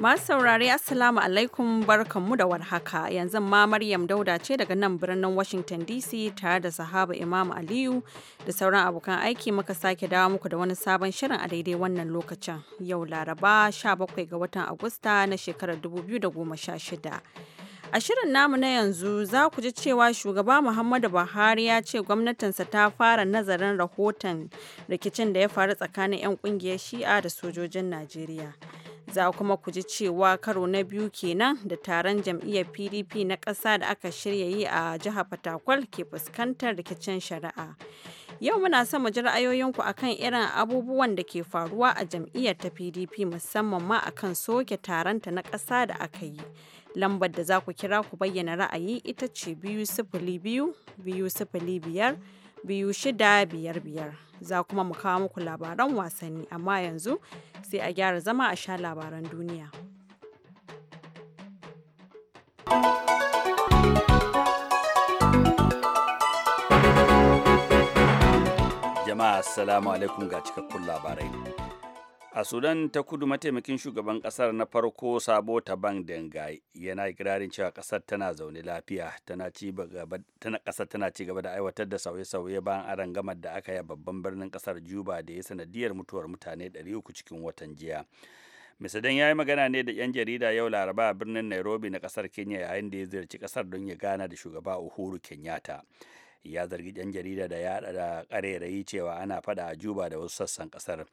Masu saurari Assalamu alaikum barkanmu da warhaka yanzu ma Maryam Dauda ce daga nan birnin Washington DC tare da sahaba Imam Aliyu da sauran abokan aiki muka sake dawo muku da wani sabon shirin a daidai wannan lokacin yau Laraba 17 ga watan Agusta na shekarar 2016. A shirin namu na yanzu za ku ji cewa shugaba Muhammadu Buhari ya ce gwamnatinsa ta fara nazarin rahoton rikicin da ya faru tsakanin 'yan kungiyar Shi'a da sojojin Najeriya. za kuma ku ji cewa karo na biyu kenan da taron jam'iyyar pdp na ƙasa da aka shirya yi a jihar patakwal ke fuskantar rikicin shari'a yau muna son mu ji ra'ayoyinku akan irin abubuwan da ke faruwa a jam'iyyar ta pdp musamman ma akan soke taronta na ƙasa da aka yi lambar da za ku kira ku bayyana ra'ayi ita ce biyu sifili biyu biyu sifili biyar biyu shida biyar biyar za kuma mu kawo muku labaran wasanni amma yanzu sai a gyara zama a sha labaran duniya. Jama'a assalamu alaikum ga cikakkun labarai. a sudan ta kudu mataimakin shugaban kasar na farko sabo bank dengai yana ikirarin cewa kasar tana zaune lafiya kasar tana ci gaba da aiwatar da sauye-sauye bayan rangamar da aka yi babban birnin kasar juba da ya sanadiyar mutuwar mutane 300 cikin watan jiya misadan ya yi magana ne da 'yan jarida yau laraba a birnin nairobi na kasar kenya yayin da ya ziyarci kasar don ya gana da shugaba uhuru kenyatta ya zargi 'yan jarida da ya da karerayi cewa ana fada a juba da wasu sassan kasar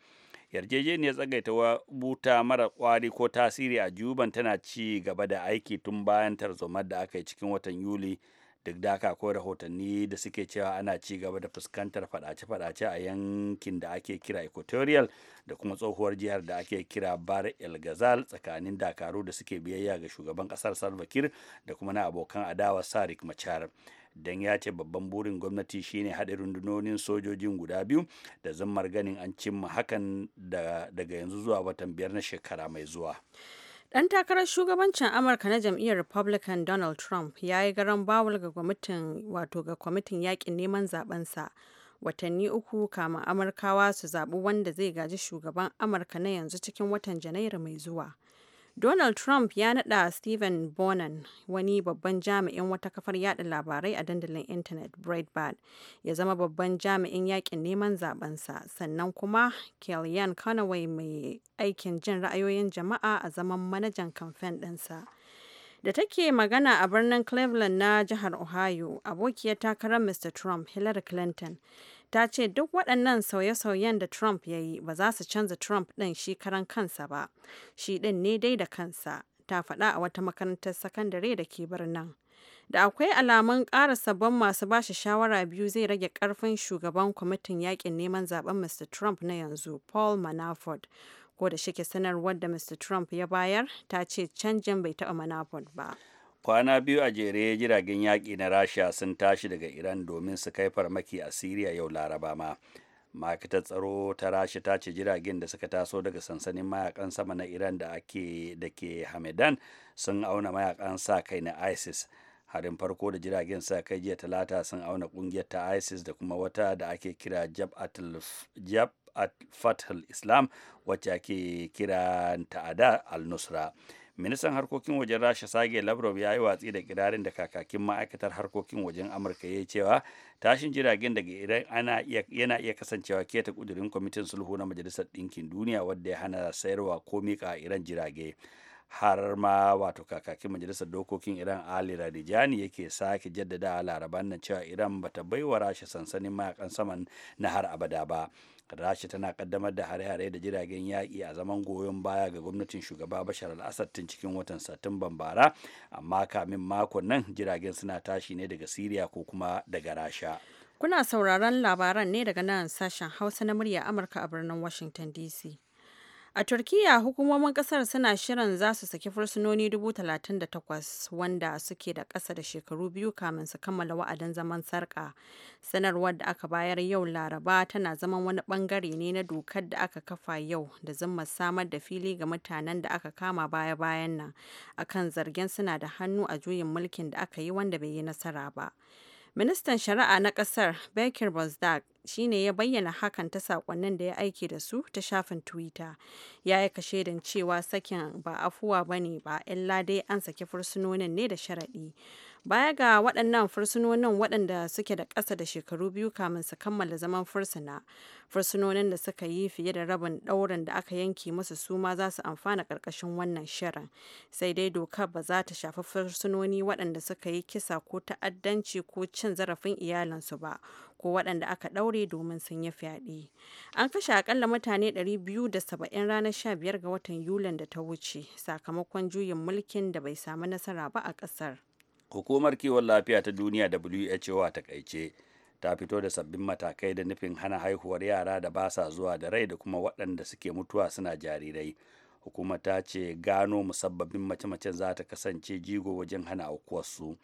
yarjejeniyar tsagaita buta mara kwari ko tasiri a juban tana ci gaba da aiki tun bayan tarzomar da aka yi cikin watan yuli duk da haka akwai rahotanni da suke cewa ana ci gaba da fuskantar fadace-fadace a yankin da ake kira equatorial da kuma tsohuwar jihar da ake kira bar el gazal tsakanin dakaru da suke biyayya ga shugaban kasar salva kir da kuma na abokan adawa sarik machar don ya ce babban burin gwamnati shine haɗe rundunonin sojojin guda biyu da zammar ganin an cimma hakan daga yanzu zuwa watan biyar na shekara mai zuwa. Ɗan takarar shugabancin Amurka na jam'iyyar Republican Donald Trump ya yi garan bawul ga kwamitin wato ga kwamitin yakin neman zabensa watanni uku kama Amurkawa su zaɓi wanda zai gaji shugaban Amurka na yanzu cikin watan Janairu mai zuwa. Donald Trump ya naɗa Stephen Bonan, wani babban jami'in wata kafar yada labarai a dandalin intanet Breitbart, ya zama babban jami'in yakin neman zabensa, sannan kuma Kellyanne Conway mai aikin jin ra'ayoyin jama'a a zaman manajan kamfen ɗinsa. Da take magana a birnin Cleveland na jihar Ohio, abokiyar takarar Mr. Trump, Hillary Clinton, ta ce duk waɗannan sauye-sauyen da Trump ya yi ba za su canza Trump ɗin shi karan kansa ba, shi ɗin ne dai da kansa, ta faɗa a wata makarantar sakandare da ke birnin. Da akwai alamun ƙara sabon masu ba shi shawara biyu zai rage ƙarfin shugaban kwamitin yakin neman zaben Mr. Trump na yanzu, Paul Manafort. Ko da shike sanarwar da Mr. Trump ya bayar, ta ce canjin bai taɓa Manafort ba. kwana biyu a jere jiragen yaƙi na rasha sun tashi daga iran domin su kai farmaki a siriya yau laraba ma ma'aikatar tsaro ta rasha ta ce jiragen da suka taso daga sansanin mayakan sama na iran da ake da ke hamadan sun auna mayakan sa kai na isis harin farko da jiragen sa kai jiya talata sun auna kungiyar ta isis da kuma wata da ake kira jab at fatal islam wacce ake kira ta'ada al-nusra al nusra ministan harkokin wajen rasha sage lavrov ya yi watsi da kirarin da kakakin ma'aikatar harkokin wajen amurka ya yi cewa tashin jiragen daga iran ana yana iya kasancewa keta kudurin kwamitin sulhu na majalisar ɗinkin duniya wadda ya hana sayarwa ko miƙa iran jirage har ma wato kakakin majalisar dokokin iran ali radijani yake sake jaddada laraban nan cewa iran bata baiwa rasha sansanin mayakan saman na har abada ba rasha tana kaddamar da hare-hare da jiragen yaƙi a zaman goyon baya ga gwamnatin shugaba bashar al-assad tun cikin watan satumban bara amma kamin makon nan jiragen suna tashi ne daga siriya ko kuma daga rasha kuna sauraron labaran ne daga nan sashen hausa na murya amurka a birnin washington dc A Turkiyya hukumomin kasar suna shirin za su saki fursunoni 38,000 wanda suke da ƙasa da shekaru biyu kamin su kammala wa'adin zaman sarƙa. Sanarwar da aka bayar yau Laraba tana zaman wani ɓangare ne na dokar da aka kafa yau da zimmar samar da fili ga mutanen da aka kama baya-bayan nan akan zargen suna da hannu a juyin mulkin da aka yi wanda bai yi nasara ba. Ministan Shari'a na ƙasar, Bekir Bozdag, shi ne ya bayyana hakan ta sakonnin da ya aike da su ta shafin Twitter. Ya aika shaidan cewa sakin ba afuwa ba ne ba, illa dai an saki fursunonin ne da sharaɗi. Baya ga waɗannan fursunonin waɗanda suke da ƙasa da shekaru biyu kamin su kammala zaman fursuna, fursunonin da suka yi fiye da rabin ɗaurin da aka yanke musu su ma za su amfana ƙarƙashin wannan shirin. Sai dai dokar ba za ta shafi fursunoni waɗanda suka yi kisa ko ta'addanci ko cin zarafin iyalinsu ba, ko waɗanda aka ɗaure domin sun yi fyaɗe. An kashe aƙalla mutane ɗari biyu da saba'in ranar 15 ga watan Yulin da ta wuce sakamakon juyin mulkin da bai samu nasara ba a ƙasar. hukumar kiwon lafiya ta duniya who a takaice ta fito da sabbin matakai da nufin hana haihuwar yara da ba sa zuwa da rai da kuma waɗanda suke mutuwa suna jarirai hukumar ta ce gano musabbabin mace-macen za ta kasance jigo wajen hana aukuwarsu su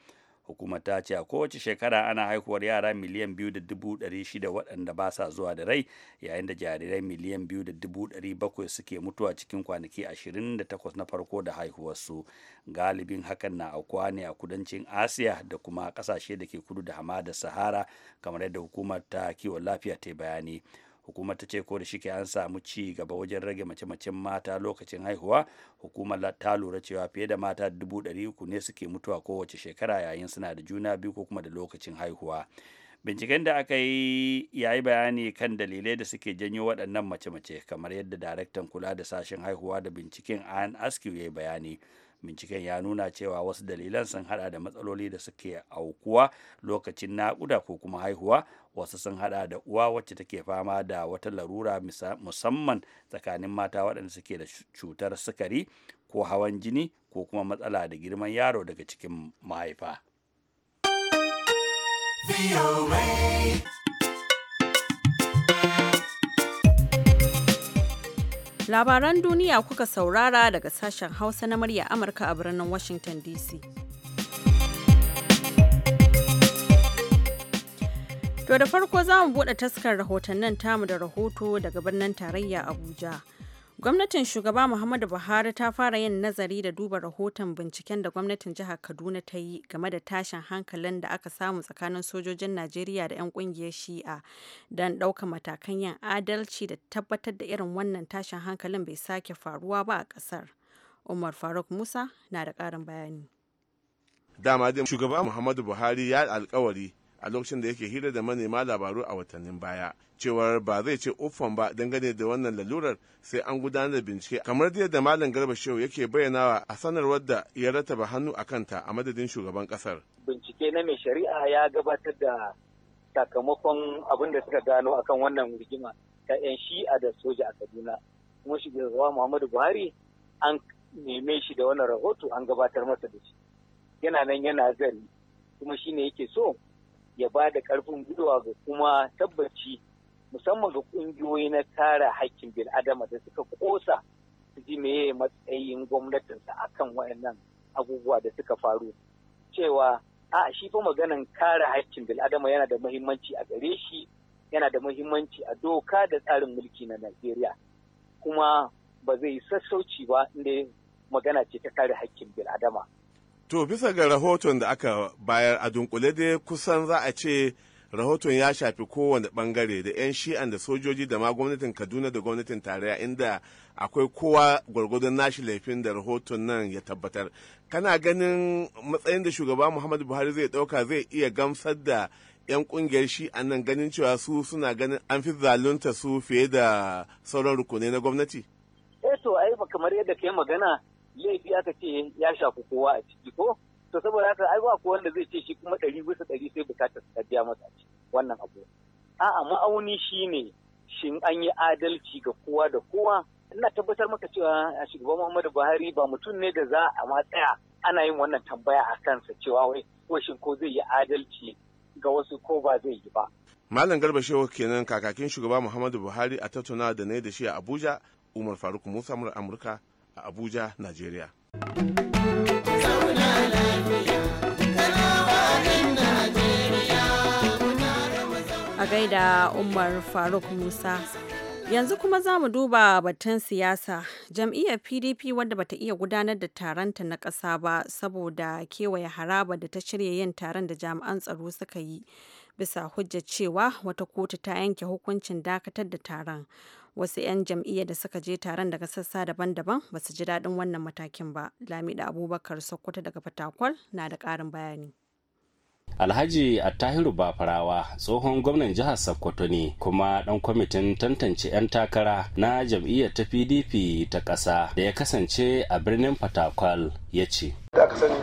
hukumar ta ce a kowace shekara ana haihuwar yara miliyan biyu da dubu ɗari shida waɗanda ba sa zuwa da rai yayin da jarirai miliyan biyu da dubu ɗari bakwai suke mutuwa cikin kwanaki ashirin da takwas na farko da haihuwarsu galibin hakan na aukuwa ne a kudancin asiya da kuma ƙasashe da ke kudu da hamadar sahara kamar yadda hukumar ta kiwon lafiya ta bayani hukumar ta ce ko da shike an samu ci gaba wajen rage mace-macen mata lokacin haihuwa hukumar ta lura cewa fiye da mata dubu ɗari uku ne suke mutuwa kowace shekara yayin suna da juna biyu ko kuma da lokacin haihuwa binciken da aka yi ya yi bayani kan dalilai da suke janyo waɗannan mace-mace kamar yadda daraktan kula da sashen haihuwa da binciken an askew ya yi bayani binciken ya nuna cewa wasu dalilan sun hada da matsaloli da suke aukuwa lokacin naƙuda ko kuma haihuwa wasu sun hada da uwa wacce take fama da wata larura musamman tsakanin mata waɗanda suke da cutar sukari ko hawan jini ko kuma matsala da girman yaro daga cikin mahaifa. Labaran duniya kuka saurara daga sashen Hausa na murya Amurka a birnin Washington DC. To da farko za mu buɗe taskar rahotannin tamu da rahoto daga birnin tarayya Abuja. Gwamnatin shugaba Muhammadu Buhari ta fara yin nazari da duba rahoton binciken da gwamnatin jihar Kaduna ta yi game da tashin hankalin da aka samu tsakanin sojojin Najeriya da 'yan kungiyar Shi'a don ɗauka matakan yin adalci da tabbatar da irin wannan tashin hankalin bai sake faruwa ba a ƙasar. Umar Faruk Musa na da ƙarin bayani. Dama shugaba Muhammadu Buhari ya alkawari a lokacin da yake hira da manema labaru a watannin baya cewar ba zai ce uffan ba dangane da wannan lalurar sai an gudanar da bincike kamar yadda malam garba shehu yake bayyanawa a sanarwar da ya rataba hannu a kanta a madadin shugaban kasar bincike na mai shari'a ya gabatar da sakamakon abin da suka gano akan wannan rigima ta 'yan shi'a da soja a kaduna kuma shugaba muhammadu buhari an neme shi da wannan rahoto an gabatar masa da shi yana nan yana zari kuma shine yake so ya ba da karfin guduwa ga kuma tabbaci musamman ga kungiyoyi na kare haƙƙin bil'adama da suka kosa su ji meye matsayin gwamnatinsa akan waɗannan abubuwa da suka faru cewa a shi fa maganan kare haƙƙin bil'adama yana da muhimmanci a gare shi yana da muhimmanci a doka da tsarin mulki na Najeriya kuma ba zai sassauci ba inda magana ce ta kare haƙƙin bil'adama. To bisa ga rahoton da aka bayar a dunkule dai kusan za a ce rahoton ya shafi kowane bangare da 'yan shi'an da sojoji da ma gwamnatin Kaduna da gwamnatin tarayya inda akwai kowa gwargwadon nashi laifin da rahoton nan ya tabbatar. Kana ganin matsayin da shugaba Muhammadu Buhari zai ɗauka zai iya gamsar da 'yan ƙungiyar shi nan ganin cewa su suna ganin an fi zalunta su fiye da sauran rukunai na gwamnati? Eh to ai kamar yadda kai magana laifi aka ce ya shafi kowa a ciki ko to saboda haka ai ba kowa wanda zai ce shi kuma ɗari bisa ɗari sai bukatar ka biya masa a ciki wannan abu a'a ma'auni shine shin an yi adalci ga kowa da kowa ina tabbatar maka cewa a shugaban Muhammadu Buhari ba mutum ne da za a ma tsaya ana yin wannan tambaya a kansa cewa wai ko shin ko zai yi adalci ga wasu ko ba zai yi ba Malam Garba Shehu kenan kakakin shugaba Muhammadu Buhari a tattauna da ne da shi a Abuja Umar Faruk Musa Amurka a Abuja, Najeriya. A gaida Umar Faruk Musa. Yanzu kuma za mu duba batun siyasa. Jam'iyyar PDP wadda bata iya gudanar da taronta na ƙasa ba saboda kewaye haraba da ta shirya yin taron da jami'an tsaro suka yi. Bisa hujjar cewa wata kotu ta yanke hukuncin dakatar da taron. wasu 'yan jam'iyyar da suka je taron daga sassa daban-daban ba su ji daɗin wannan matakin ba lamida abubakar sokoto daga fatakwal na da ƙarin bayani alhaji a attahiru bafarawa tsohon gwamnan jihar sokoto ne kuma dan kwamitin tantance 'yan takara na jam'iyyar ta pdp ta ƙasa da ya kasance a birnin patakwal ya ce da aka sani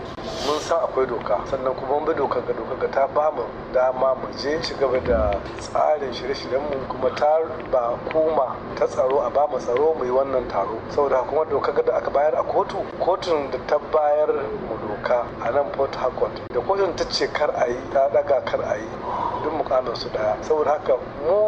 mun san akwai doka sannan kuma mun bi doka ga doka ga ta ba mu dama mu je ci gaba da tsarin shirye-shiryen mu kuma ta ba kuma ta tsaro a ba mu tsaro mu yi wannan taro saboda kuma doka ga da aka bayar a kotu kotun da ta bayar mu doka a nan port harcourt da kotun ta ce kar a yi ta daga kar a yi duk mukamin su daya saboda haka mu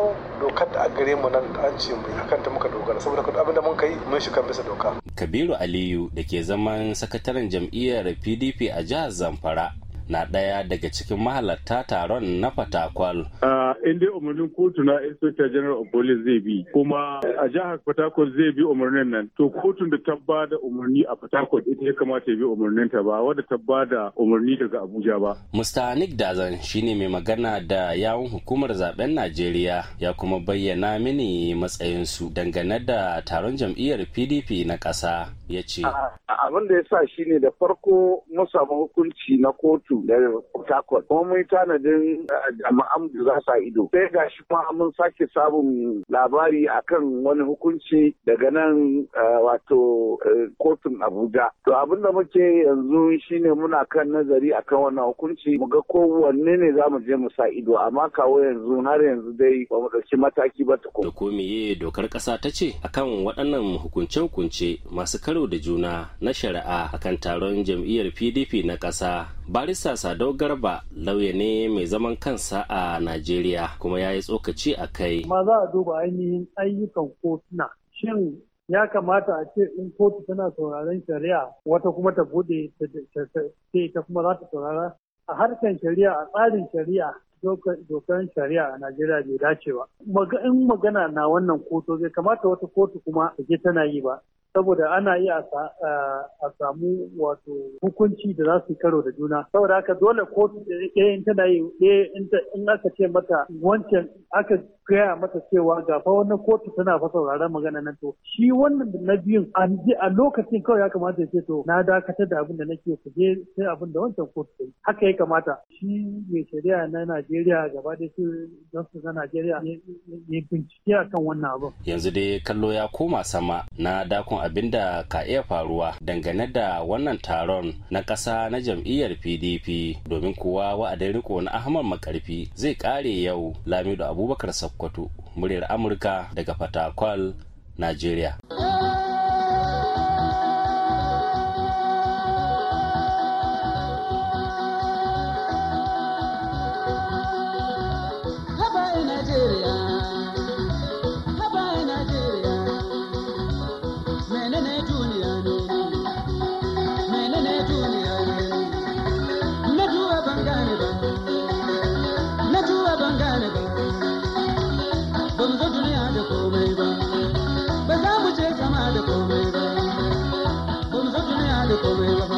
dokar da a gare mu nan an ce mu akan ta muka dogara saboda haka abinda da mun kai mun shi kan bisa doka kabiru aliyu da ke zaman sakataren jam'iyyar pdp a jihar zamfara na ɗaya daga cikin mahalarta taron na fatakwal. Uh, in dai umarnin kotu na inspector general of police zai bi kuma a jihar Port zai bi umarnin nan to kotun da ta ba da umarni a Port ita ya kamata ya bi umarnin ta ba wadda ta ba da umarni daga Abuja ba. Mr. Nick Dazan shine mai magana da yawun hukumar zaben Najeriya ya kuma bayyana mini matsayinsu dangane da taron jam'iyyar PDP na kasa, ya ce. Abin da ya sa shi da farko mun samu hukunci na kotu da Port kuma mun yi tanadin eh, jama'an da za su ido sai ga shi kuma mun sake samun labari akan wani hukunci daga nan wato kotun abuja to abin da muke yanzu shine muna kan nazari akan wannan hukunci mu ga kowanne ne za mu je mu sa ido amma kawo yanzu har yanzu dai ba mu ɗauki mataki ba tukun. da ko meye dokar ƙasa ta ce akan waɗannan hukunce-hukunce masu karo da juna na shari'a akan taron jam'iyyar pdp na ƙasa barista sadau garba lauya ne mai zaman kansa a najeriya Najeriya kuma ya yi tsokaci a kai. Maza za a duba ainihin ayyukan kotuna. Shin ya kamata a ce in kotu tana sauraron shari'a wata kuma ta bude ta kuma za ta saurara a harkan shari'a a tsarin shari'a dokan shari'a a Najeriya bai dace ba. In magana na wannan kotu zai kamata wata kotu kuma ta tana yi ba. Saboda ana yi a samu wato hukunci da za su karo da juna. Saboda haka dole kotu ɗaya in tana yi in aka ce mata wancan aka gaya mata cewa ga fa wannan kotu tana fa sauraron magana nan to shi wannan na biyun a lokacin kawai ya kamata ya ce to na dakatar da abin da nake ku je sai abin da wancan kotu ta yi haka ya kamata shi mai shari'a na Najeriya gaba da su don su na Najeriya ya bincike kan wannan abin yanzu dai kallo ya koma sama na dakon abin da ka iya faruwa dangane da wannan taron na ƙasa na jam'iyyar PDP domin kowa wa'adin riko na Ahmad Makarfi zai ƙare yau Lamido Abubakar Sako Kwatu muryar Amurka daga Fatakwal, Najeriya. Real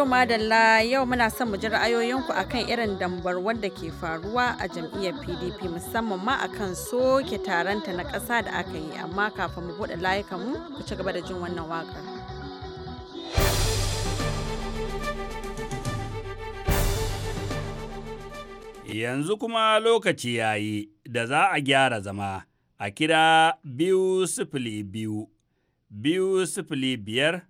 To madalla yau muna son mu ji ra'ayoyinku akan irin dambar wanda ke faruwa a jam'iyyar PDP musamman ma akan soke taronta na ƙasa da aka yi amma kafin mu buɗe layukan mu ku ci gaba da jin wannan waƙar. Yanzu kuma lokaci ya yi da za a gyara zama a kira biyu sifili biyu, biyu sifili biyar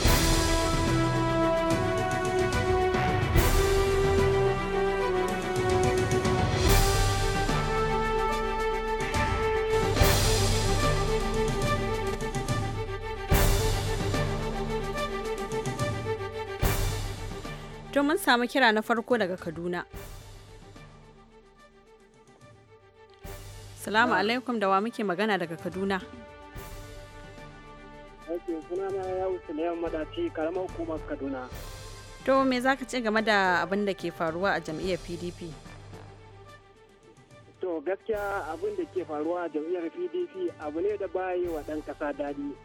Domin mun samu kira na farko daga Kaduna. Salamu alaikum da wa muke magana daga Kaduna. Aiki suna na ya wuce na yamma karamar hukumar Kaduna. To me za ka ce game da abin da ke faruwa a jam'iyyar PDP? To gaskiya abin da ke faruwa a jam'iyyar PDP abu ne da bayi wa ɗan ƙasa daɗi.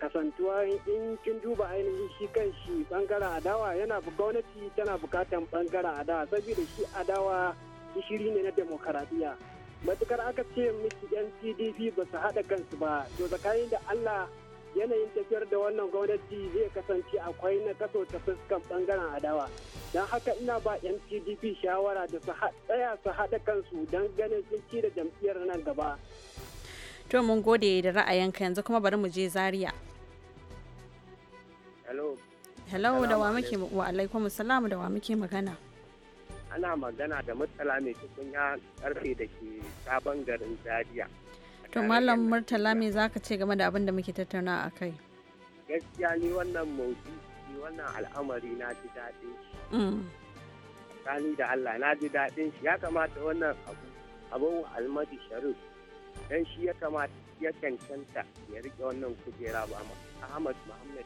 kasantuwa in kin duba ainihin shi kan shi bangaren adawa yana gwamnati tana bukatan bangaren adawa saboda shi adawa gishiri ne na demokaradiyya matukar aka ce miki yan pdp ba su haɗa kansu ba to tsakanin da allah yanayin tafiyar da wannan gwamnati zai kasance akwai na kaso ta fuskan bangaren adawa don haka ina ba yan pdp shawara da su tsaya su haɗa kansu don ganin sun ci da jam'iyyar nan gaba to mun gode da ra'ayinka yanzu kuma bari mu je zaria hello hello da wa muke wa alaikum salamu da wa muke magana ana magana da Murtala mai cikin ya karfe da ke sabon garin zaria to malam murtala me zaka ce game da abin da muke tattauna a kai gaskiya ni wannan maudu ni wannan al'amari na ji daɗin shi mm. da allah na ji daɗin shi ya kamata wannan abu abin almadi sharif dan shi ya kamata ya cancanta ya rike wannan kujera ba ma Ahmad Muhammad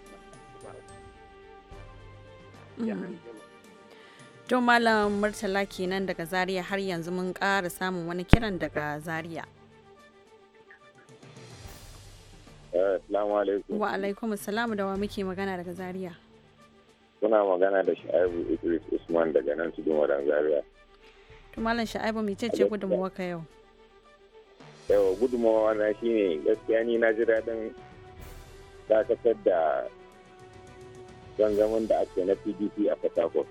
Don mhm. Malam Murtala kenan daga Zaria har yanzu mun ƙara samun wani kiran daga Zaria. Eh, assalamu alaikum. Wa alaikum assalam da wa muke magana daga Zaria. Kuna magana da Sha'ibu Idris Usman daga nan su Zaria. To Malam Sha'ibu mai ce gudunmuwa waka yau? yawa gudunmawa na ne gaskiya ni na ji daɗin dakatar da gangamin da ake na pdp a fatako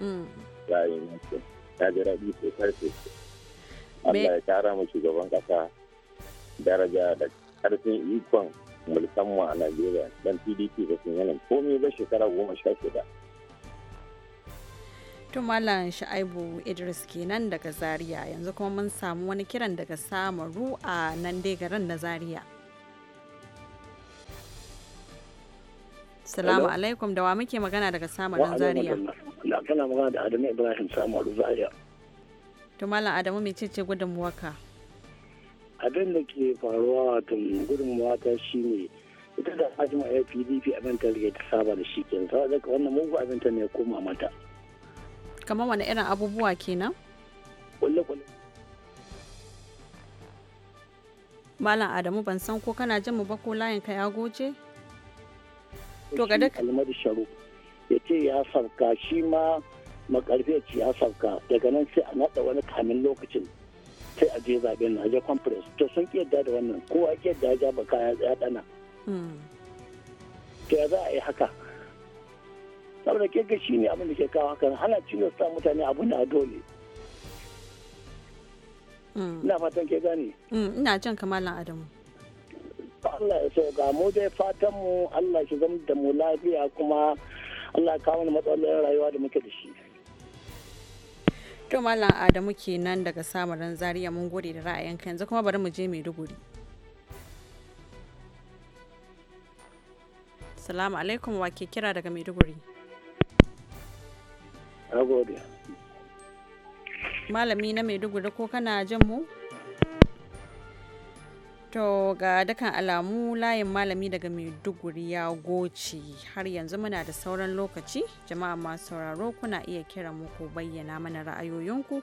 mm. yayin na ji daɗi sosai sosai allah ya kara mu shugaban ƙasa daraja da ƙarfin ikon mulkanmu a najeriya dan pdp da sun yanin komai ba shekara goma sha shida To Malam Sha'aibu Idris kenan daga Zaria yanzu kuma mun samu wani kiran daga Samaru a nan dai garin na Zaria. Salamu alaikum da wa muke magana daga Samaru Zaria. Na kana magana da Adamu Ibrahim Samaru Zaria. To Malam Adamu mai cece gudunmuwarka? Abin da ke faruwa tun gudunmuwa ta shine ita da Fatima APDP abin ta rike ta saba da shi kenan. Saboda wannan mugu abin ta ne koma mata. kamar wani irin abubuwa kenan? Kulle-kulle. Malam Adamu ban san ko kana jin mu ba ko layin ka ya goje? To ga duk Almadi Sharu ya ce ya sauka shi ma makarfe ce ya sauka daga nan sai a nada wani kamin lokacin sai a je zaben na je conference to sun ƙi yadda da wannan kowa ki yadda ya ja baka ya dana. Hmm. To ya za a yi haka? saboda ga shi ne abin da ke kawo hakan hana tilasta mutane abu na dole ina fatan ke gani mm, ina jan kamalan adamu Allah ya so ga mu dai fatan mu Allah shi zama da mu lafiya kuma Allah kawo ni matsalolin rayuwa da muke da shi to malam adamu kenan daga samarin zariya mun gode da ra'ayinka yanzu kuma bari mu je maiduguri salamu alaikum wa ke kira daga maiduguri Malami na Maiduguri ko kana jin mu? To ga dukan alamu layin malami daga Maiduguri ya goce har yanzu muna da sauran lokaci jama'a masu sauraro kuna iya kira ku bayyana mana ra'ayoyinku.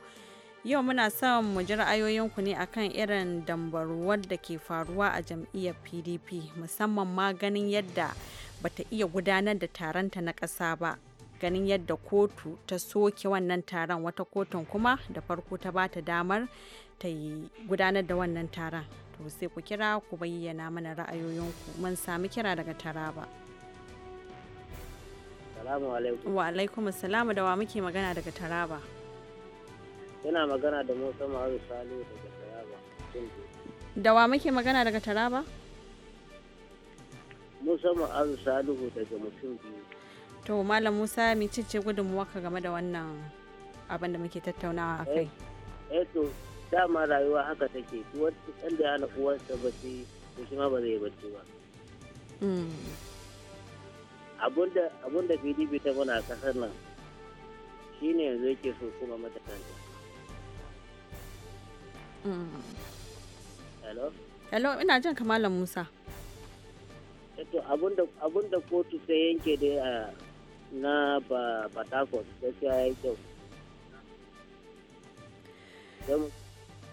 Yau muna son mu ji ra'ayoyinku ne akan irin dambaruwar da ke faruwa a jam'iyyar PDP musamman ma ganin yadda bata iya gudanar da taronta na ƙasa ba ganin yadda kotu ta soke wannan taron wata kotun kuma da farko ta ba ta damar ta yi gudanar da wannan taron to sai ku kira ku bayyana mana ra'ayoyinku mun sami kira daga taraba wa alaikum salamu da wa muke magana daga taraba yana magana da musa ma'aru salihu daga taraba da wa muke magana daga taraba musa ma'aru salihu daga mutum biyu to malam musa mecece ka game da wannan abin da muke tattaunawa a kai eh, eh to dama rayuwa haka take wanda ɗan da ya hana uwansa bacci ko shi ma ba zai bacci ba hmm. abun da pdp ta muna a kasar nan shine yanzu yake so kuma mata kanta hmm. hello hello ina jin malam musa eh, to abun da kotu sai yanke dai a na ba batakon gaskiya ya yi kyau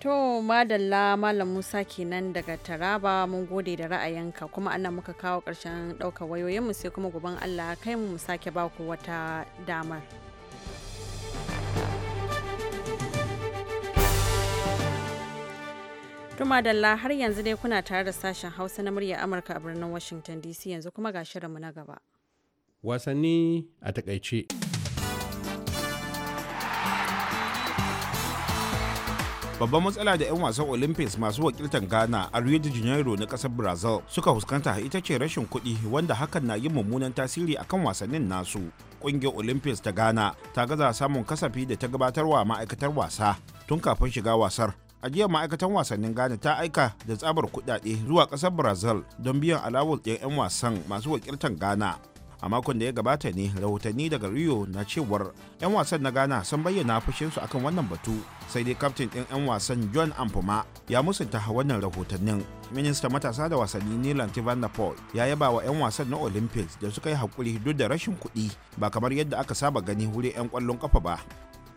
To madalla Malam Musa kenan daga Taraba mun gode da ra'ayinka kuma ana muka kawo ƙarshen ɗaukar wayoyinmu sai kuma guban Allah kai mu sake ba ku wata damar. to madalla har yanzu dai kuna tare da sashen Hausa na murya Amurka a birnin Washington DC yanzu kuma ga shirinmu na gaba. wasanni a takaice. babban matsala da 'yan wasan olympics masu wakiltar ghana a rio de janeiro na kasar brazil suka fuskanta ita ce rashin kuɗi wanda hakan na yin mummunan tasiri akan wasannin nasu ƙungiyar olympics ta ghana ta gaza samun kasafi da ta gabatar wa ma'aikatar wasa tun kafin shiga wasar a jiya ma'aikatan wasannin ghana ta aika da tsabar kuɗaɗe zuwa ƙasar brazil don biyan alawul 'yan wasan masu wakiltar ghana a makon da ya gabata ne rahotanni daga rio na cewar 'yan wasan na ghana sun bayyana fushinsu akan wannan batu sai dai kaftin ɗin 'yan wasan john amfuma ya musunta wannan rahotannin ministan matasa da wasanni nilan van paul ya yaba wa 'yan wasan na olympics da suka yi hakuri duk da rashin kuɗi ba kamar yadda aka saba gani wuri 'yan kwallon ƙafa ba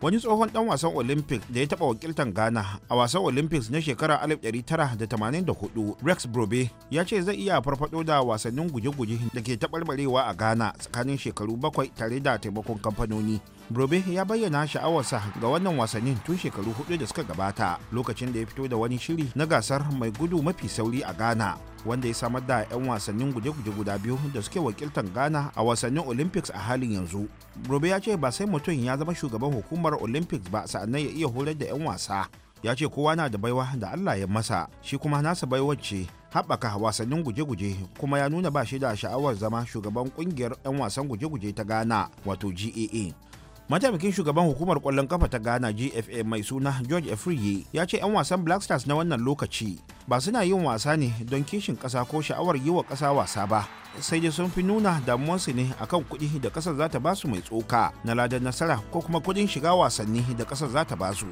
wani tsohon dan wasan olympic da ya taba wakiltar ghana a wasan olympics na shekara 1984 rex brobe ya ce zai iya farfado da wasannin guje-guje da ke taɓarɓarewa a ghana tsakanin shekaru bakwai tare da taimakon kamfanoni brobe ya bayyana sha'awarsa ga wannan wasannin tun shekaru hudu da suka gabata lokacin da ya fito da wani shiri na gasar mai gudu mafi sauri a ghana wanda ya samar da 'yan wasannin guje-guje guda biyu da suke wakiltar ghana a wasannin olympics a halin yanzu brobe ya ce ba sai mutum ya zama shugaban hukumar olympics ba sa'annan ya iya horar da 'yan wasa ya ce kowa na da baiwa da allah ya masa shi kuma nasa baiwar ce haɓaka wasannin guje-guje kuma ya nuna ba shi da sha'awar zama shugaban kungiyar 'yan wasan guje-guje ta ghana wato gaa mataimakin shugaban hukumar kwallon kafa ta ghana gfa mai suna george efriye ya ce 'yan wasan black stars na wannan lokaci ba suna yin wasa ne don kishin kasa ko sha'awar yi wa kasa wasa ba sai dai sun fi nuna damuwarsu ne akan kuɗi da kasar za ta basu mai tsoka na ladan nasara ko kuma kuɗin shiga wasanni da kasar za ta basu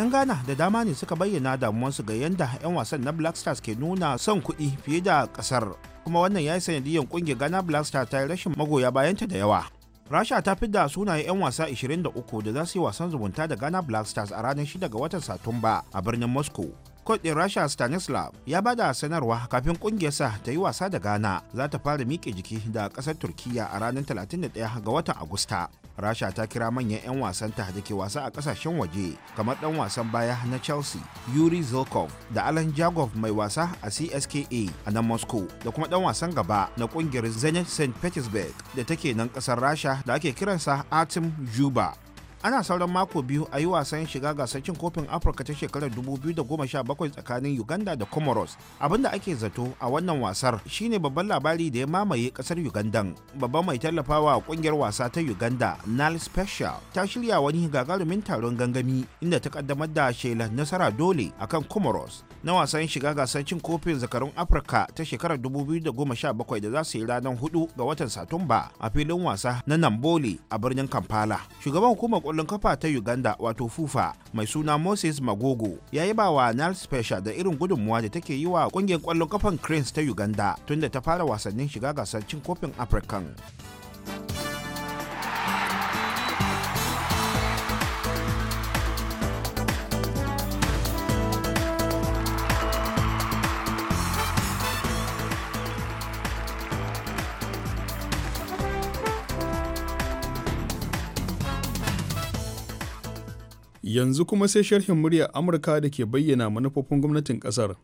'yan ghana da dama ne suka bayyana damuwarsu ga yanda 'yan wasan na black stars ke nuna son kuɗi fiye da ƙasar kuma wannan ya yi sanadiyar ƙungiyar ghana black stars ta yi rashin magoya bayanta da yawa rasha ta fi da sunaye 'yan wasa 23 da za su yi wasan zumunta da ghana black stars a ranar 6 ga watan satumba a birnin moscow kodin rasha stanislav ya bada sanarwa kafin kungiyarsa ta yi wasa da ghana za ta fara miƙe jiki da ƙasar turkiyya a ranar 31 ga watan agusta rasha ta kira manyan 'yan wasanta da ke wasa a ƙasashen waje kamar ɗan wasan baya na chelsea yuri zilkov da alan jagov mai wasa a cska a nan moscow da kuma ɗan wasan gaba na ƙungiyar zenit st petersburg da take nan ƙasar rasha da ake kiransa atim juba ana sauran mako biyu a yi wasan shiga gasar cin kofin afirka ta shekarar 2017 tsakanin uganda da comoros abinda ake zato a wannan wasar shine babban labari da ya mamaye kasar uganda babban mai tallafawa a kungiyar wasa ta uganda nal special ta shirya wani gagarumin taron gangami inda ta kaddamar da shelar nasara dole akan comoros na wasan shiga gasar cin kofin zakarun afirka ta shekarar 2017 da za su yi ranar 4 ga watan satumba a filin wasa na namboli a birnin kampala shugaban hukumar kwallon kafa ta Uganda wato FUFA mai suna Moses Magogo ya yi ba wa Nile Special da irin gudunmuwa da take yi wa kungiyar kwallon kafan Cranes ta Uganda tunda ta fara wasannin shiga gasar cin kofin African. yanzu kuma sai sharhin muryar amurka da ke bayyana manufofin gwamnatin kasar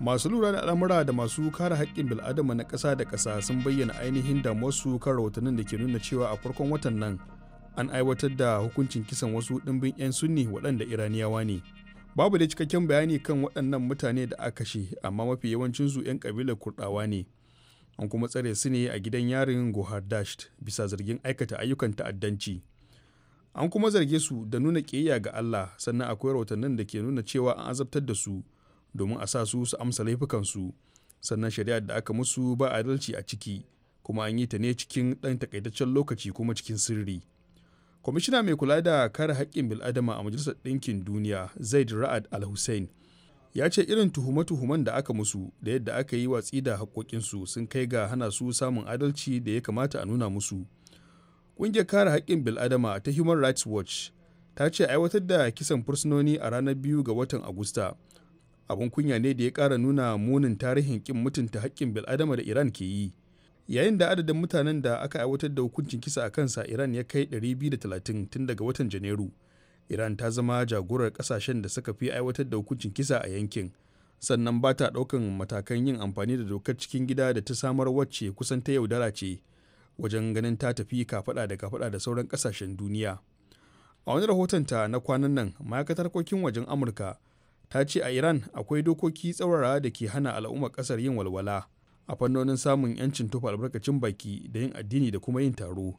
masu lura da al'amura da masu kare haƙƙin bil'adama na ƙasa da ƙasa sun bayyana ainihin damuwarsu kan rahotannin da ke nuna cewa a farkon watan nan an aiwatar da hukuncin kisan wasu ɗimbin 'yan sunni waɗanda iraniyawa ne babu da cikakken bayani kan waɗannan mutane da aka kashe amma mafi yawancinsu 'yan ƙabilar kurɗawa ne an kuma tsare su ne a gidan yarin gohardasht bisa zargin aikata ayyukan ta'addanci an kuma zarge su da nuna ƙiyayya ga allah sannan akwai rahotannin da ke nuna cewa an azabtar da su domin a sa su su amsa laifukansu sannan shari'ar da aka musu ba adalci a ciki kuma an yi ta ne cikin ɗan takaitaccen lokaci kuma cikin sirri kwamishina mai kula da kare haƙƙin bil'adama a majalisar ɗinkin duniya zaid ra'ad al-hussein ya ce irin tuhume-tuhumen da aka musu da yadda aka yi watsi da haƙoƙinsu sun kai ga hana su samun adalci da ya kamata a nuna musu ƙungiyar kare haƙƙin bil'adama ta human rights watch ta ce aiwatar da kisan fursunoni a ranar biyu ga watan agusta abun kunya ne da ya ƙara nuna munin tarihin ƙin mutunta haƙƙin bil'adama da iran ke yi yayin da adadin mutanen da aka aiwatar da hukuncin kisa a kansa iran ya kai 230 tun daga watan janairu iran ta zama jagorar kasashen da suka fi aiwatar da hukuncin kisa a yankin sannan ba ta ɗaukan matakan yin amfani da dokar cikin gida da ta samar wacce kusan ta yaudara ce wajen ganin ta tafi kafaɗa da kafaɗa da sauran kasashen duniya a wani rahotonta na kwanan nan ma'aikatar kokin wajen amurka ta ce a iran akwai dokoki tsaurara da ke hana al'ummar kasar yin walwala a fannonin samun 'yancin tufa albarkacin baki da yin addini da kuma yin taro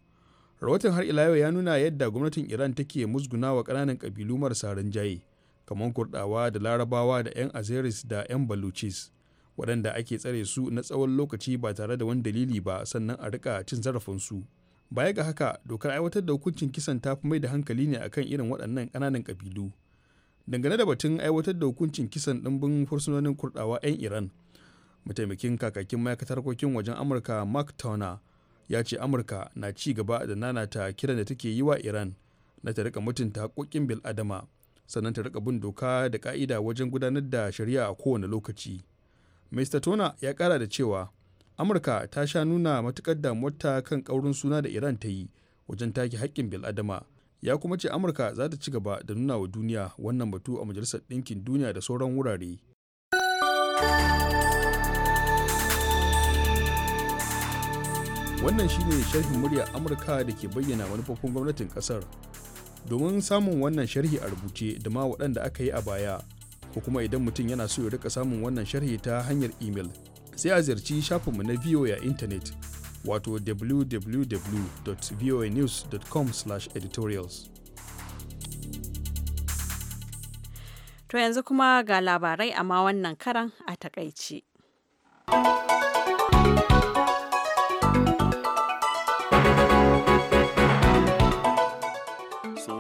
rahoton har ila yau ya nuna yadda gwamnatin iran take musguna wa ƙananan kabilu marasa rinjaye kamar kurdawa da larabawa da 'yan azeris da 'yan baluchis waɗanda ake tsare su na tsawon lokaci ba tare da wani dalili ba sannan a rika cin zarafinsu baya ga haka dokar aiwatar da hukuncin kisan ta fi mai da hankali ne akan irin waɗannan ƙananan kabilu dangane da batun aiwatar da hukuncin kisan ɗimbin fursunonin kurdawa 'yan iran mataimakin kakakin ma'aikatar harkokin wajen amurka mark turner ya ce amurka na ci gaba da nanata kiran da take yi wa iran na ta rika mutunta haƙoƙin bil'adama sannan ta rika bin doka da ka'ida wajen gudanar da shari'a a kowane lokaci mr tona ya kara da cewa amurka ta sha nuna matukar damuwarta kan ƙaurin suna da iran ta yi wajen take haƙƙin bil'adama ya kuma ce amurka za ta ci gaba da nuna wa duniya wannan batu a majalisar ɗinkin duniya da sauran wurare wannan shine sharhin murya amurka da ke bayyana manufofin gwamnatin kasar domin samun wannan sharhi a rubuce da ma waɗanda aka yi a baya ko kuma idan mutum yana so ya rika samun wannan sharhi ta hanyar imel sai a ziyarci shafinmu na voa intanet wato www.voanews.com/editorials To yanzu kuma ga labarai amma wannan karan a takaice.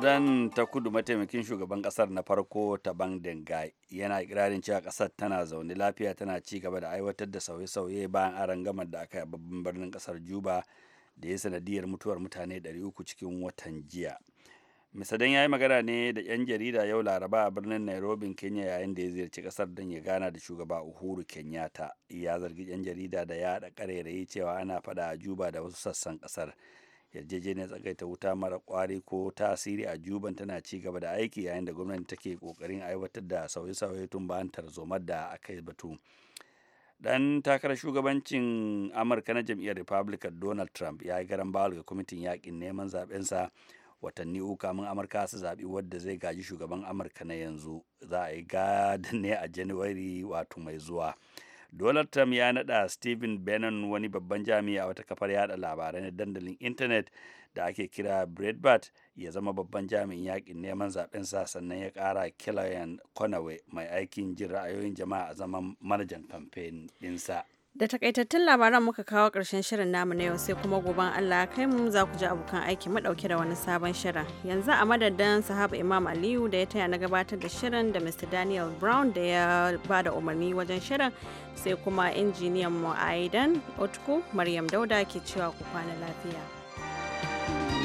sudan ta kudu mataimakin shugaban kasar na farko ta bangdenga yana ikirarin cewa kasar tana zaune lafiya tana ci gaba da aiwatar da sauye-sauye bayan aron gamar da aka yi babban birnin kasar juba da ya sanadiyar mutuwar mutane 300 cikin watan jiya misadan ya yi magana ne da 'yan jarida yau laraba a birnin nairobi kenya yayin da ya ziyarci kasar don ya gana da shugaba uhuru kenyatta ya zargi 'yan jarida da yaɗa karerayi cewa ana faɗa a juba da wasu sassan kasar yarjejeniyar tsagaita wuta mara kwari ko tasiri a juban tana ci gaba da aiki yayin da gwamnati take kokarin aiwatar da sauye-sauye tun bayan tarzomar da aka yi batu dan takarar shugabancin amurka na jam'iyyar republican donald trump ya yi garan bawal ga kwamitin yakin neman zaɓensa watanni uku kamin amurka su zaɓi wadda zai gaji shugaban amurka na yanzu za a yi gada ne a january wato mai zuwa Donald Trump ya naɗa Stephen Bannon wani babban jami'a a wata kafar yada labarai na dandalin intanet da ake kira Breitbart ya zama babban jami'in yakin neman sa sannan ya kara Kellyanne Conway mai aikin jin ra'ayoyin jama'a a zaman manajan kamfen ɗinsa. Da takaitattun labaran muka kawo ƙarshen shirin namu na yau sai kuma goben Allah kai mu za ku ji abokan aiki madauke da wani sabon shirin. Yanzu a madadin sahaba Imam Aliyu da ya taya na gabatar da shirin da Mr. Daniel Brown da ya ba da umarni wajen shirin sai kuma injiniyan mu Aidan Otku Maryam Dauda ke cewa ku kwana lafiya.